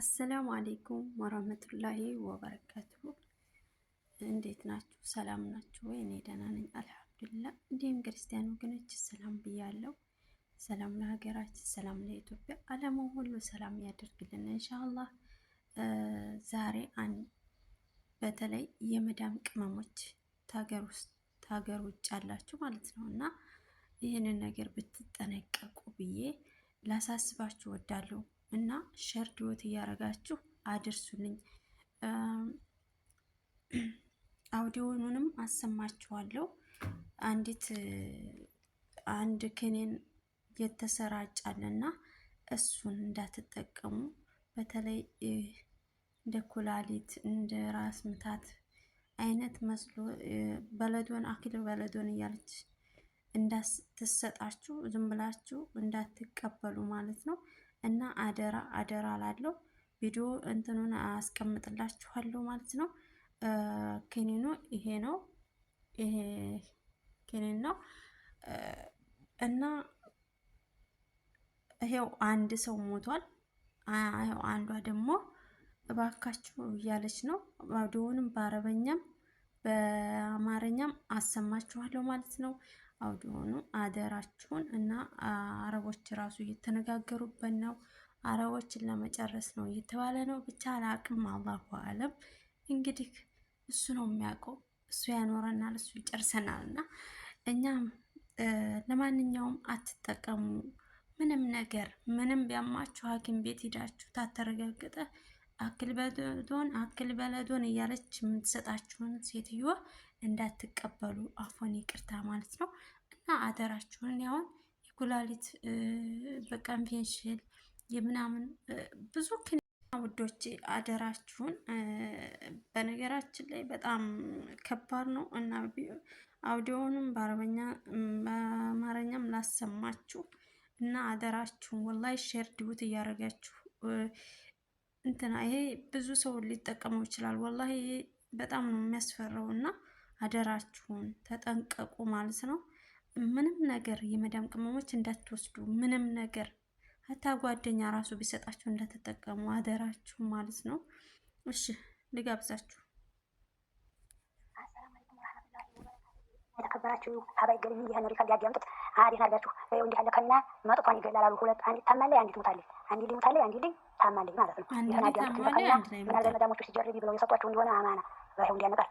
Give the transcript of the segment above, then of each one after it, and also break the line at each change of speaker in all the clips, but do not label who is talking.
አሰላሙ አሌይኩም ወራህመቱላሂ ወበረካቱ። እንዴት ናችሁ? ሰላም ናችሁ ወይ? እኔ ደህና ነኝ አልሐምዱሊላህ። እንዲሁም ክርስቲያን ወገኖች ሰላም ብያለሁ። ሰላም ለሀገራችን፣ ሰላም ለኢትዮጵያ፣ ዓለሙ ሁሉ ሰላም ያደርግልን እንሻአላህ። ዛሬ በተለይ የመዳም ቅመሞች ታገር ውጭ አላችሁ ማለት ነው እና ይህንን ነገር ብትጠነቀቁ ብዬ ላሳስባችሁ ወዳለሁ እና ሸር ዶት እያደረጋችሁ አድርሱልኝ። አውዲዮኑንም አሰማችኋለሁ። አንዲት አንድ ክኒን የተሰራጫልና እሱን እንዳትጠቀሙ በተለይ እንደ ኩላሊት እንደ ራስ ምታት አይነት መስሎ በለዶን አክል በለዶን እያለች እንዳትሰጣችሁ ዝም ብላችሁ እንዳትቀበሉ ማለት ነው። እና አደራ አደራ ላለው ቪዲዮ እንትኑን አስቀምጥላችኋለሁ ማለት ነው። ኬኒኑ ይሄ ነው። ይሄ ኬኒን ነው እና ይሄው አንድ ሰው ሞቷል። ይሄው አንዷ ደግሞ እባካችሁ እያለች ነው። ባዶውንም በአረበኛም በአማርኛም አሰማችኋለሁ ማለት ነው። አውድ የሆኑ አደራችሁን እና አረቦች ራሱ እየተነጋገሩበት ነው። አረቦችን ለመጨረስ ነው እየተባለ ነው። ብቻ ለአቅም አላሁ አለም። እንግዲህ እሱ ነው የሚያውቀው፣ እሱ ያኖረናል፣ እሱ ይጨርሰናል። እና እኛም ለማንኛውም አትጠቀሙ ምንም ነገር ምንም ቢያማችሁ ሐኪም ቤት ሂዳችሁ ታተረጋግጠ አክል በለዶን አክል በለዶን እያለች የምትሰጣችሁን ሴትዮዋ እንዳትቀበሉ አፎን ይቅርታ ማለት ነው። እና አደራችሁን ያሁን የኩላሊት በቀንቬንሽን የምናምን ብዙ ውዶች አደራችሁን። በነገራችን ላይ በጣም ከባድ ነው እና አውዲዮንም በአረበኛ በአማርኛም ላሰማችሁ እና አደራችሁን ወላይ ሼር ድቡት እያደረጋችሁ እንትና ይሄ ብዙ ሰው ሊጠቀመው ይችላል። ወላሂ በጣም ነው የሚያስፈራው እና አደራችሁን ተጠንቀቁ ማለት ነው። ምንም ነገር የመዳም ቅመሞች እንዳትወስዱ፣ ምንም ነገር ሀታ ጓደኛ ራሱ ቢሰጣችሁ እንዳትጠቀሙ አደራችሁ ማለት ነው። እሺ ልጋብዛችሁ። የተከበራችሁ አባይ ገልኝ ይህን ሪከርድ ያዳምጡት። አዴት አድርጋችሁ እንዲህ ያለ ከና ይገላል አሉ። ሁለት አንዲት ታማለች፣ አንዲት ሞታለች፣ አንዲት ሞታለች፣ አንዲት ታማለች ማለት ነው። ይህን አዳምጡት። ከና ምናልባት መዳሞቹ ሲጀርቢ ብለው የሰጧቸው እንደሆነ አማና ይኸው እንዲያነቃል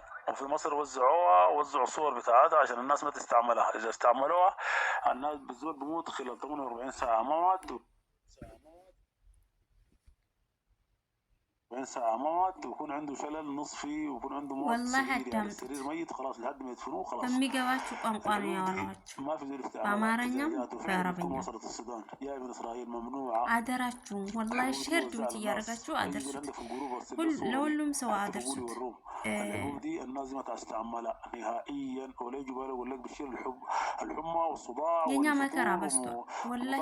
وفي مصر وزعوها وزعوا الصور بتاعتها عشان الناس ما تستعملها اذا استعملوها الناس بتزول بموت خلال 48 ساعه موت بينسى اموات ويكون عنده شلل نصفي ويكون عنده موت والله يعني السرير ميت خلاص لحد ما يدفنوه خلاص امي قواتو قنقان يا ولد ما في زي في بعربنا وصلت السودان يا ابن اسرائيل ممنوعه ادراتو والله الشهر دوتي يا رجاتو ادرسوت كل لو اللوم سوا ادرسوت اليهودي دي الناس ما تستعملها نهائيا ولا يجي بالك ولا بشير الحب الحمى والصداع يا نعم، ما كرابستو والله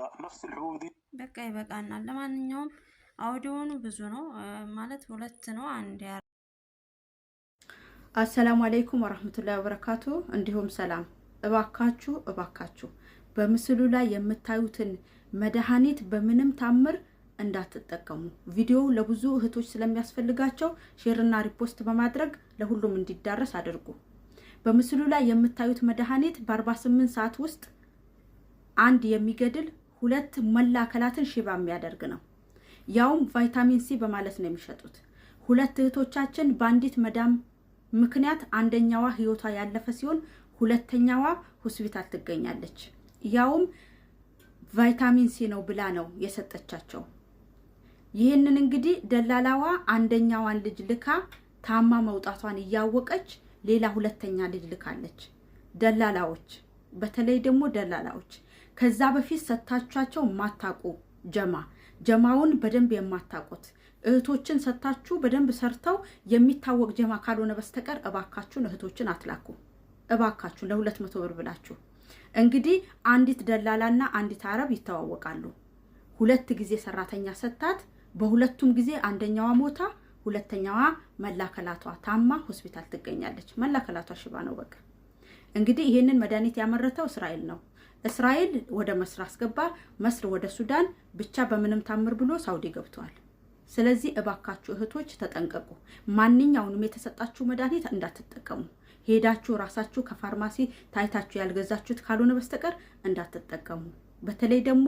لا نفس الحبوب دي بقى انا لما نيوم አውዲዮኑ ብዙ ነው ማለት ሁለት ነው አንድ ያ
አሰላሙ አለይኩም ወራህመቱላሂ ወበረካቱ። እንዲሁም ሰላም። እባካችሁ እባካችሁ በምስሉ ላይ የምታዩትን መድኃኒት በምንም ታምር እንዳትጠቀሙ። ቪዲዮ ለብዙ እህቶች ስለሚያስፈልጋቸው ሼርና ሪፖስት በማድረግ ለሁሉም እንዲዳረስ አድርጉ። በምስሉ ላይ የምታዩት መድኃኒት በ48 ሰዓት ውስጥ አንድ የሚገድል ሁለት መላ አካላትን ሽባ የሚያደርግ ነው። ያውም ቫይታሚን ሲ በማለት ነው የሚሸጡት። ሁለት እህቶቻችን በአንዲት መዳም ምክንያት አንደኛዋ ህይወቷ ያለፈ ሲሆን ሁለተኛዋ ሆስፒታል ትገኛለች። ያውም ቫይታሚን ሲ ነው ብላ ነው የሰጠቻቸው። ይህንን እንግዲህ ደላላዋ አንደኛዋን ልጅ ልካ ታማ መውጣቷን እያወቀች ሌላ ሁለተኛ ልጅ ልካለች። ደላላዎች፣ በተለይ ደግሞ ደላላዎች ከዛ በፊት ሰጥታችኋቸው ማታቁ ጀማ ጀማውን በደንብ የማታውቁት እህቶችን ሰጥታችሁ በደንብ ሰርተው የሚታወቅ ጀማ ካልሆነ በስተቀር እባካችሁን እህቶችን አትላኩ። እባካችሁን ለሁለት መቶ ብር ብላችሁ እንግዲህ አንዲት ደላላና አንዲት አረብ ይተዋወቃሉ። ሁለት ጊዜ ሰራተኛ ሰታት፣ በሁለቱም ጊዜ አንደኛዋ ሞታ ሁለተኛዋ መላከላቷ ታማ ሆስፒታል ትገኛለች። መላከላቷ ሽባ ነው በቃ እንግዲህ ይህንን መድኃኒት ያመረተው እስራኤል ነው። እስራኤል ወደ መስር አስገባ፣ መስር ወደ ሱዳን፣ ብቻ በምንም ታምር ብሎ ሳውዲ ገብቷል። ስለዚህ እባካችሁ እህቶች ተጠንቀቁ። ማንኛውንም የተሰጣችሁ መድኃኒት እንዳትጠቀሙ ሄዳችሁ ራሳችሁ ከፋርማሲ ታይታችሁ ያልገዛችሁት ካልሆነ በስተቀር እንዳትጠቀሙ። በተለይ ደግሞ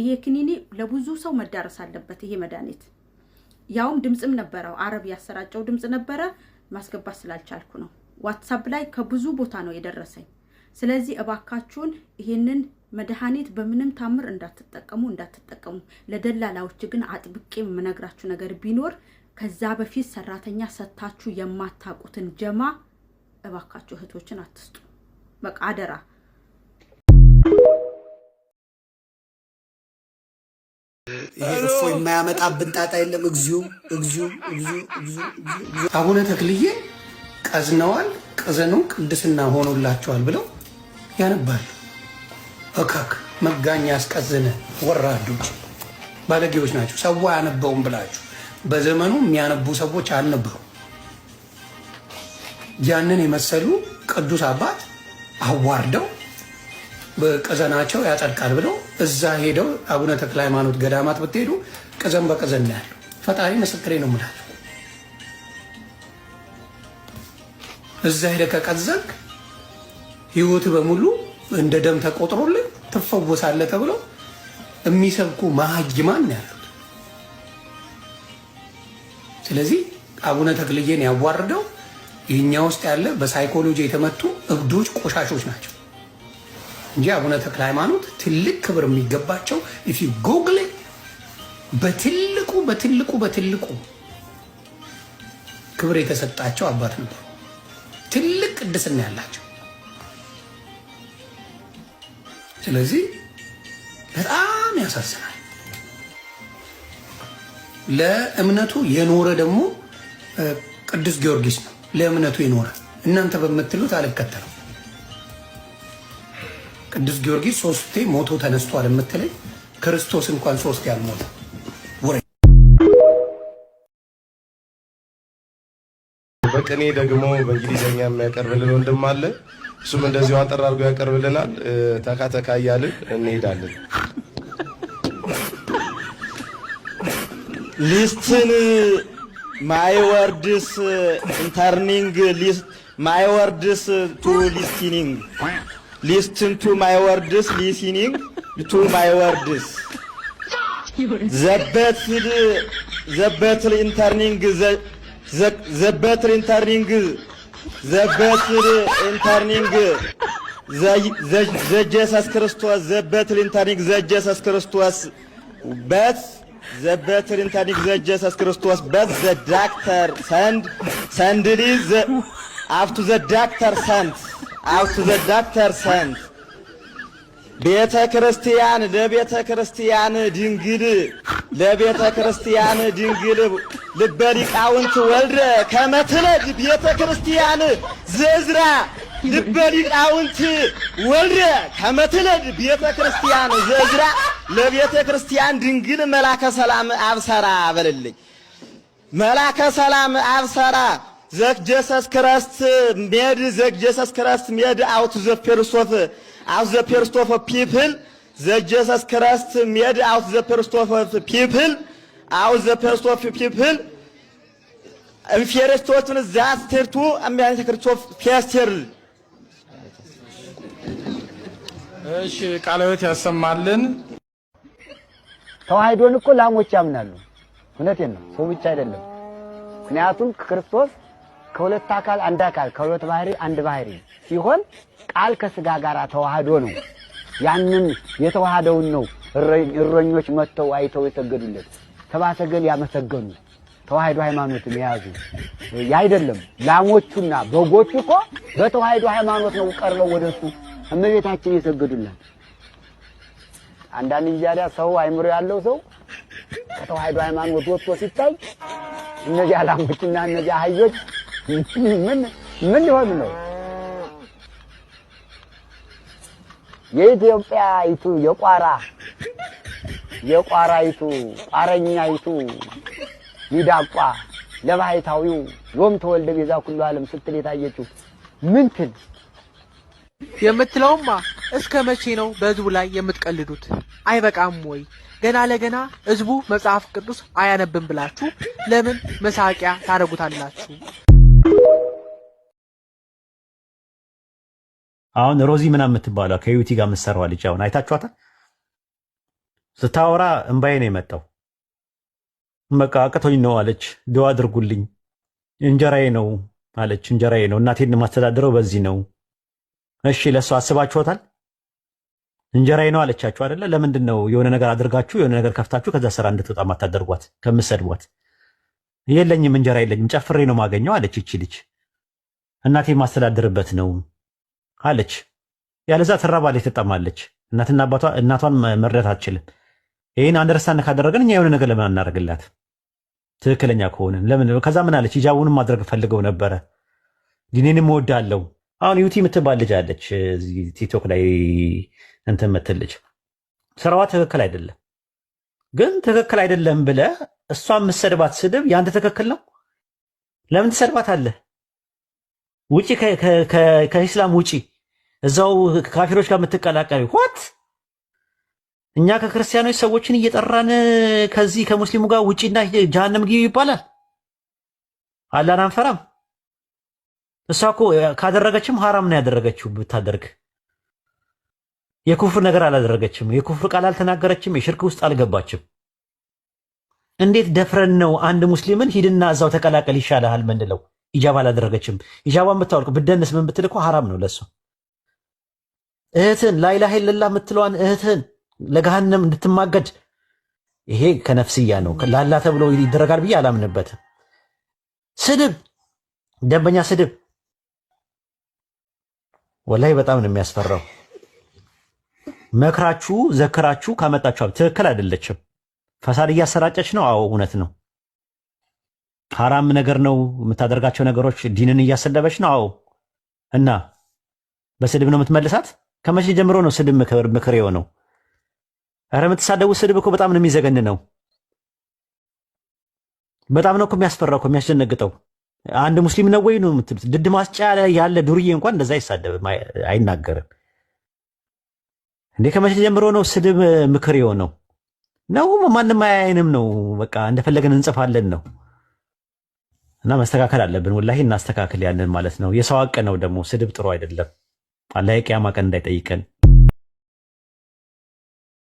ይሄ ክኒኒ ለብዙ ሰው መዳረስ አለበት። ይሄ መድኃኒት ያውም ድምፅም ነበረው፣ አረብ ያሰራጨው ድምፅ ነበረ። ማስገባት ስላልቻልኩ ነው። ዋትሳፕ ላይ ከብዙ ቦታ ነው የደረሰኝ። ስለዚህ እባካችሁን ይህንን መድኃኒት በምንም ታምር እንዳትጠቀሙ እንዳትጠቀሙ። ለደላላዎች ግን አጥብቄ የምነግራችሁ ነገር ቢኖር ከዛ በፊት ሰራተኛ ሰታችሁ የማታውቁትን ጀማ እባካችሁ እህቶችን አትስጡ። በቃ አደራ።
ይሄ እፎ የማያመጣብን ጣጣ የለም። እግዚኦ፣ እግዚኦ፣ እግዚኦ፣ እግዚኦ። አቡነ ተክልዬ ቀዝነዋል፣ ቅዘኑ ቅድስና ሆኖላቸዋል ብለው ያነባሉ። እከክ መጋኛ ያስቀዝነ ወራዶች ባለጌዎች ናቸው። ሰው አያነበውም ብላችሁ በዘመኑ የሚያነቡ ሰዎች አልነበሩ። ያንን የመሰሉ ቅዱስ አባት አዋርደው በቅዘናቸው ያጠልቃል ብለው እዛ ሄደው አቡነ ተክለ ሃይማኖት ገዳማት ብትሄዱ ቅዘን በቅዘን ያለው ፈጣሪ ምስክሬ ነው ምላል እዛ ሄደ ከቀዘንክ ህይወት በሙሉ እንደ ደም ተቆጥሮልን ትፈወሳለ ተብሎ የሚሰብኩ መሀይማን ማን ያሉት። ስለዚህ አቡነ ተክልዬን ያዋርደው ይህኛ ውስጥ ያለ በሳይኮሎጂ የተመቱ እብዶች፣ ቆሻሾች ናቸው እንጂ አቡነ ተክለ ሃይማኖት ትልቅ ክብር የሚገባቸው ኢፍ ዩ ጎግል በትልቁ በትልቁ በትልቁ ክብር የተሰጣቸው አባት ነበር። ትልቅ ቅድስና ያላቸው። ስለዚህ በጣም ያሳዝናል። ለእምነቱ የኖረ ደግሞ ቅዱስ ጊዮርጊስ ነው። ለእምነቱ የኖረ እናንተ በምትሉት አልከተለው። ቅዱስ ጊዮርጊስ ሶስቴ ሞቶ ተነስቷል የምትለኝ ክርስቶስ እንኳን ሶስቴ አልሞተ።
በቅኔ ደግሞ በእንግሊዝኛ የሚያቀርብልን ወንድም አለ። እሱም እንደዚሁ አጠር አድርጎ ያቀርብልናል። ተካ ተካ እያልን እንሄዳለን። ሊስትን ማይወርድስ ኢንተርኒንግ ሊስት ማይወርድስ ቱ ሊስቲኒንግ ሊስትን ቱ ማይወርድስ ሊስኒንግ ቱ ማይወርድስ ዘበት ዘበትል ኢንተርኒንግ ዘበት ኢንተርኒንግ ዘበት ኢንተርኒንግ ዘጀሰስ ክርስቶስ ዘበት ኢንተርኒንግ ዘጀሰስ ክርስቶስ በት ዘበት ኢንተርኒንግ ዘጀሰስ ክርስቶስ በት ዘዳክተር ሰንድ ሰንድሊ አፍቱ ዘዳክተር ሰንት አፍቱ ዘዳክተር ሰንት ቤተ ክርስቲያን ለቤተ ክርስቲያን ድንግል ለቤተ ክርስቲያን ድንግል ልበ ሊቃውንት ወልደ ከመትለድ ቤተ ክርስቲያን ዘዝራ ልበ ሊቃውንት ወልደ ከመትለድ ቤተ ክርስቲያን ዘዝራ ለቤተ ክርስቲያን ድንግል መላከ ሰላም አብሰራ በልልኝ መላከ ሰላም አብሰራ ዘክ ጀሰስ ክረስት ሜድ ዘክ ጀሰስ ክረስት ሜድ አውት ዘ ዘፔርስቶፍ አውት ዘ ዘፔርስቶፍ ፒፕል ጀሰስ ክረስት ሜድ አውት ዘ ዘፔርስቶፍ ፒፕል አው ዘ ፐርስ ኦፍ ፒፕል ኦፍ ኢንፌሪስቶትን ዛስቴርቱ አሚያንተ ክርስቶፍ ፒያስተር
እሺ፣ ቃለ ሕይወት ያሰማልን።
ተዋህዶን እኮ ላሞች ያምናሉ። እውነቴን ነው፣ ሰው ብቻ አይደለም። ምክንያቱም ክርስቶስ ከሁለት አካል አንድ አካል ከሁለት ባህሪ አንድ ባህሪ ሲሆን ቃል ከስጋ ጋር ተዋህዶ ነው። ያንን የተዋህደውን ነው እረኞች መጥተው አይተው የሰገዱለት። ሰባሰገል ያመሰገኑ ተዋህዶ ሃይማኖትን የያዙ አይደለም። ላሞቹና በጎቹ እኮ በተዋህዶ ሃይማኖት ነው ቀርበው ወደሱ እመቤታችን የሰገዱላት። አንዳንድ ጊዜ ሰው አይምሮ ያለው ሰው ከተዋህዶ ሃይማኖት ወጥቶ ሲታይ እነዚያ ላሞችና እነዚያ አህዮች ምን ምን ሊሆኑ ነው? የኢትዮጵያዊቱ የቋራ የቋራይቱ ቋረኛይቱ ሚዳቋ ለባይታዊው ሎም ተወልደ ቤዛ ኩሉ ዓለም ስትል የታየችው ምንትን
የምትለውማ እስከ መቼ ነው በህዝቡ ላይ የምትቀልዱት? አይበቃም ወይ? ገና ለገና ህዝቡ መጽሐፍ ቅዱስ አያነብም ብላችሁ ለምን መሳቂያ ታደርጉታላችሁ? አሁን ሮዚ ምናምን የምትባለው ከዩቲ ጋር የምትሰራዋ ልጅ አሁን አይታችኋታል። ስታወራ እምባዬ ነው የመጣው። በቃ አቅቶኝ ነው አለች። ድዋ አድርጉልኝ እንጀራዬ ነው አለች። እንጀራዬ ነው እናቴን የማስተዳድረው በዚህ ነው። እሺ ለእሱ አስባችሁታል? እንጀራዬ ነው አለቻችሁ አይደለ? ለምንድን ነው የሆነ ነገር አድርጋችሁ የሆነ ነገር ከፍታችሁ ከዛ ስራ እንድትወጣ ማታደርጓት? ከምትሰድቧት የለኝም እንጀራ የለኝም ጨፍሬ ነው ማገኘው አለች። ይቺ ልጅ እናቴ ማስተዳድርበት ነው አለች። ያለዛ ትራባለች፣ ትጠማለች። እናትና አባቷ እናቷን መርዳት አትችልም። ይህን አንደርስታንድ ካደረገን እኛ የሆነ ነገር ለምን አናደርግላት? ትክክለኛ ከሆነ ለምን ከዛ ምን አለች? ሂጃቡንም ማድረግ ፈልገው ነበረ፣ ዲኔንም እወዳለሁ። አሁን ዩቲ የምትባል ልጅ አለች ቲክቶክ ላይ እንትን የምትል ልጅ ስራዋ ትክክል አይደለም፣ ግን ትክክል አይደለም ብለ እሷ የምትሰድባት ስድብ የአንተ ትክክል ነው። ለምን ትሰድባት አለ ውጪ ከኢስላም ውጪ እዛው ካፊሮች ጋር ት እኛ ከክርስቲያኖች ሰዎችን እየጠራን ከዚህ ከሙስሊሙ ጋር ውጪና ጀሃነም ግቢ ይባላል። አላህን አንፈራም። እሷ እኮ ካደረገችም ሀራም ነው ያደረገችው። ብታደርግ የኩፍር ነገር አላደረገችም። የኩፍር ቃል አልተናገረችም። የሽርክ ውስጥ አልገባችም። እንዴት ደፍረን ነው አንድ ሙስሊምን ሂድና እዛው ተቀላቀል ይሻልሃል ምንለው? ኢጃባ አላደረገችም። ኢጃባ የምታወልቅ ብደንስ ምን ብትል እኮ ሀራም ነው ለሱ። እህትን ላይላህ ለላ የምትለዋን እህትን ለገሃነም እንድትማገድ ይሄ ከነፍስያ ነው። ላላ ተብሎ ይደረጋል ብዬ አላምንበትም። ስድብ፣ ደንበኛ ስድብ ወላይ በጣም ነው የሚያስፈራው። መክራችሁ ዘክራችሁ ካመጣችኋል ትክክል አይደለችም። ፈሳድ እያሰራጨች ነው። አዎ እውነት ነው። ሐራም ነገር ነው የምታደርጋቸው ነገሮች። ዲንን እያሰደበች ነው። አዎ እና በስድብ ነው የምትመልሳት። ከመቼ ጀምሮ ነው ስድብ ምክር የሆነው? ኧረ የምትሳደቡ ስድብ እኮ በጣም ነው የሚዘገን ነው። በጣም ነው እኮ የሚያስፈራው እኮ የሚያስደነግጠው። አንድ ሙስሊም ነው ወይ ነው የምትሉት? ድድ ማስጫ ያለ ዱርዬ እንኳን እንደዛ አይሳደብም፣ አይናገርም። እንዴ ከመቼ ጀምሮ ነው ስድብ ምክር የሆነው? ነው ማንም አያይንም ነው በቃ እንደፈለገን እንጽፋለን ነው። እና መስተካከል አለብን። ወላሂ እናስተካከል ያለን ማለት ነው። የሰው አቀ ነው ደግሞ ስድብ ጥሩ አይደለም። አላህ የቂያማ ቀን እንዳይጠይቀን